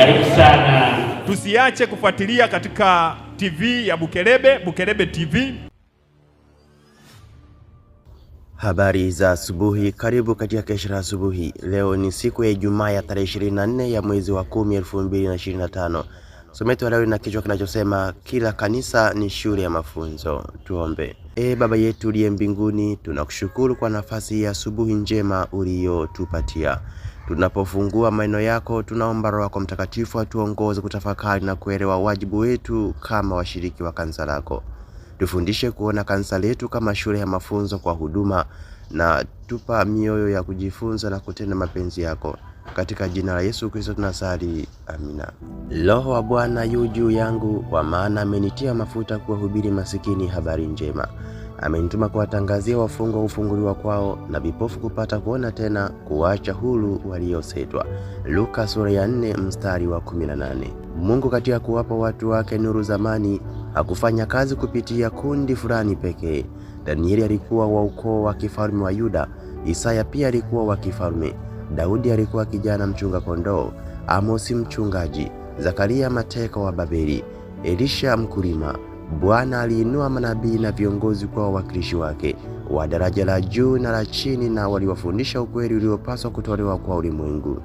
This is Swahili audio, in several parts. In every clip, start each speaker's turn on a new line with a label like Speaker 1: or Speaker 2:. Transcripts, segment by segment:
Speaker 1: Karibu sana.
Speaker 2: Tusiache kufuatilia katika TV ya Bukelebe, Bukelebe TV.
Speaker 3: Habari za asubuhi, karibu katika kesha la asubuhi. Leo ni siku ya Ijumaa ya tarehe 24 ya mwezi wa 10 2025. Somo letu leo lina kichwa kinachosema kila kanisa ni shule ya mafunzo. Tuombe. E Baba yetu uliye mbinguni, tunakushukuru kwa nafasi ya asubuhi njema uliyotupatia Tunapofungua maneno yako, tunaomba Roho yako Mtakatifu atuongoze kutafakari na kuelewa wajibu wetu kama washiriki wa kanisa lako. Tufundishe kuona kanisa letu kama shule ya mafunzo kwa huduma, na tupa mioyo ya kujifunza na kutenda mapenzi yako. Katika jina la Yesu Kristo tunasali, amina. Roho wa Bwana yu juu yangu, kwa maana amenitia mafuta kuwahubiri masikini habari njema amenituma kuwatangazia wafungwa kufunguliwa kwao na vipofu kupata kuona tena, kuwaacha huru waliosetwa. Luka sura ya 4 mstari wa 18. Mungu katika kuwapa watu wake nuru zamani hakufanya kazi kupitia kundi fulani pekee. Danieli alikuwa wa ukoo wa kifalme wa Yuda, Isaya pia alikuwa wa kifalme, Daudi alikuwa kijana mchunga kondoo, Amosi mchungaji, Zakaria mateka wa Babeli, Elisha mkulima Bwana aliinua manabii na viongozi kwa wawakilishi wake wa daraja la juu na la chini, na waliwafundisha ukweli uliopaswa kutolewa kwa ulimwengu.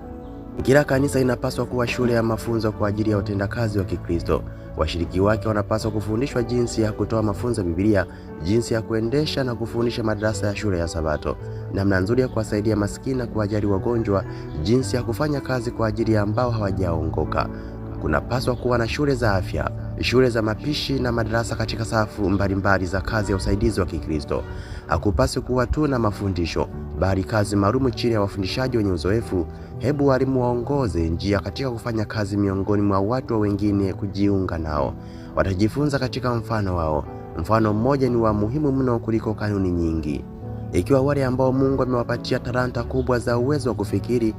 Speaker 3: Kila kanisa linapaswa kuwa shule ya mafunzo kwa ajili ya utendakazi wa Kikristo. Washiriki wake wanapaswa kufundishwa jinsi ya kutoa mafunzo ya Biblia, jinsi ya kuendesha na kufundisha madarasa ya shule ya Sabato, namna nzuri ya kuwasaidia masikini na kuwajali wagonjwa, jinsi ya kufanya kazi kwa ajili ya ambao hawajaongoka kunapaswa kuwa na shule za afya, shule za mapishi na madarasa katika safu mbalimbali za kazi ya usaidizi wa Kikristo. Hakupaswi kuwa tu na mafundisho, bali kazi maalumu chini ya wafundishaji wenye uzoefu. Hebu walimu waongoze njia katika kufanya kazi miongoni mwa watu wa wengine kujiunga nao. Watajifunza katika mfano wao. Mfano mmoja ni wa muhimu mno kuliko kanuni nyingi. Ikiwa wale ambao Mungu amewapatia talanta kubwa za uwezo wa kufikiri,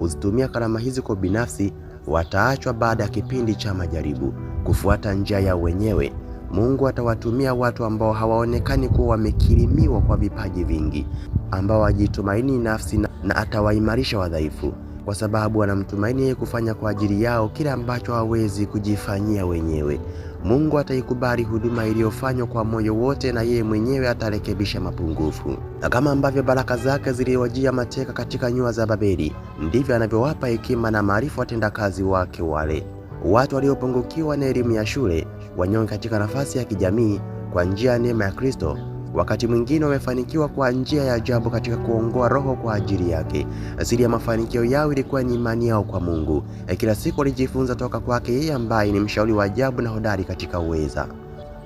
Speaker 3: uzitumia karama hizi kwa binafsi wataachwa baada ya kipindi cha majaribu kufuata njia yao wenyewe. Mungu atawatumia watu ambao hawaonekani kuwa wamekirimiwa kwa vipaji vingi, ambao wajitumaini nafsi na, na atawaimarisha wadhaifu kwa sababu wanamtumaini yeye kufanya kwa ajili yao kile ambacho hawezi kujifanyia wenyewe. Mungu ataikubali huduma iliyofanywa kwa moyo wote, na yeye mwenyewe atarekebisha mapungufu. Na kama ambavyo baraka zake ziliwajia mateka katika nyua za Babeli, ndivyo anavyowapa hekima na maarifa watendakazi wake wale watu waliopungukiwa na elimu ya shule, wanyonge katika nafasi ya kijamii, kwa njia ya neema ya Kristo Wakati mwingine wamefanikiwa kwa njia ya ajabu katika kuongoa roho kwa ajili yake. Asili ya mafanikio yao ilikuwa ni imani yao kwa Mungu. E, kila siku walijifunza toka kwake yeye ambaye ni mshauri wa ajabu na hodari katika uweza.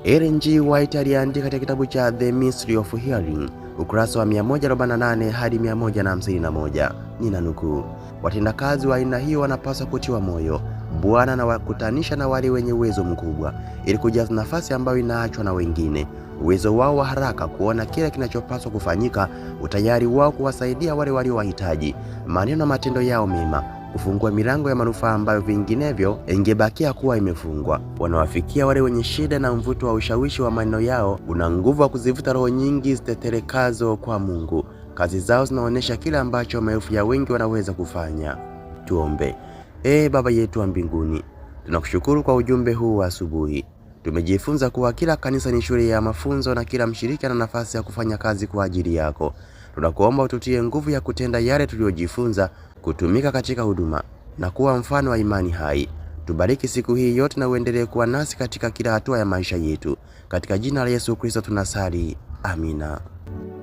Speaker 3: Ellen G. White aliandika katika kitabu cha The Mystery of Healing ukurasa wa 148 hadi 151, ninanukuu: watendakazi wa aina hiyo wanapaswa kutiwa moyo Bwana anawakutanisha na wale wenye uwezo mkubwa ili kujaza nafasi ambayo inaachwa na wengine. Uwezo wao wa haraka kuona kila kinachopaswa kufanyika, utayari wao kuwasaidia wale waliowahitaji, maneno na matendo yao mema kufungua milango ya manufaa ambayo vinginevyo ingebakia kuwa imefungwa. Wanawafikia wale wenye shida, na mvuto wa ushawishi wa maneno yao una nguvu wa kuzivuta roho nyingi ziteterekazo kwa Mungu. Kazi zao zinaonyesha kile ambacho maelfu ya wengi wanaweza kufanya. Tuombe. Ee Baba yetu wa mbinguni, tunakushukuru kwa ujumbe huu wa asubuhi. Tumejifunza kuwa kila kanisa ni shule ya mafunzo na kila mshiriki ana nafasi ya kufanya kazi kwa ajili yako. Tunakuomba ututie nguvu ya kutenda yale tuliyojifunza, kutumika katika huduma na kuwa mfano wa imani hai. Tubariki siku hii yote na uendelee kuwa nasi katika kila hatua ya maisha yetu. Katika jina la Yesu Kristo tunasali, amina.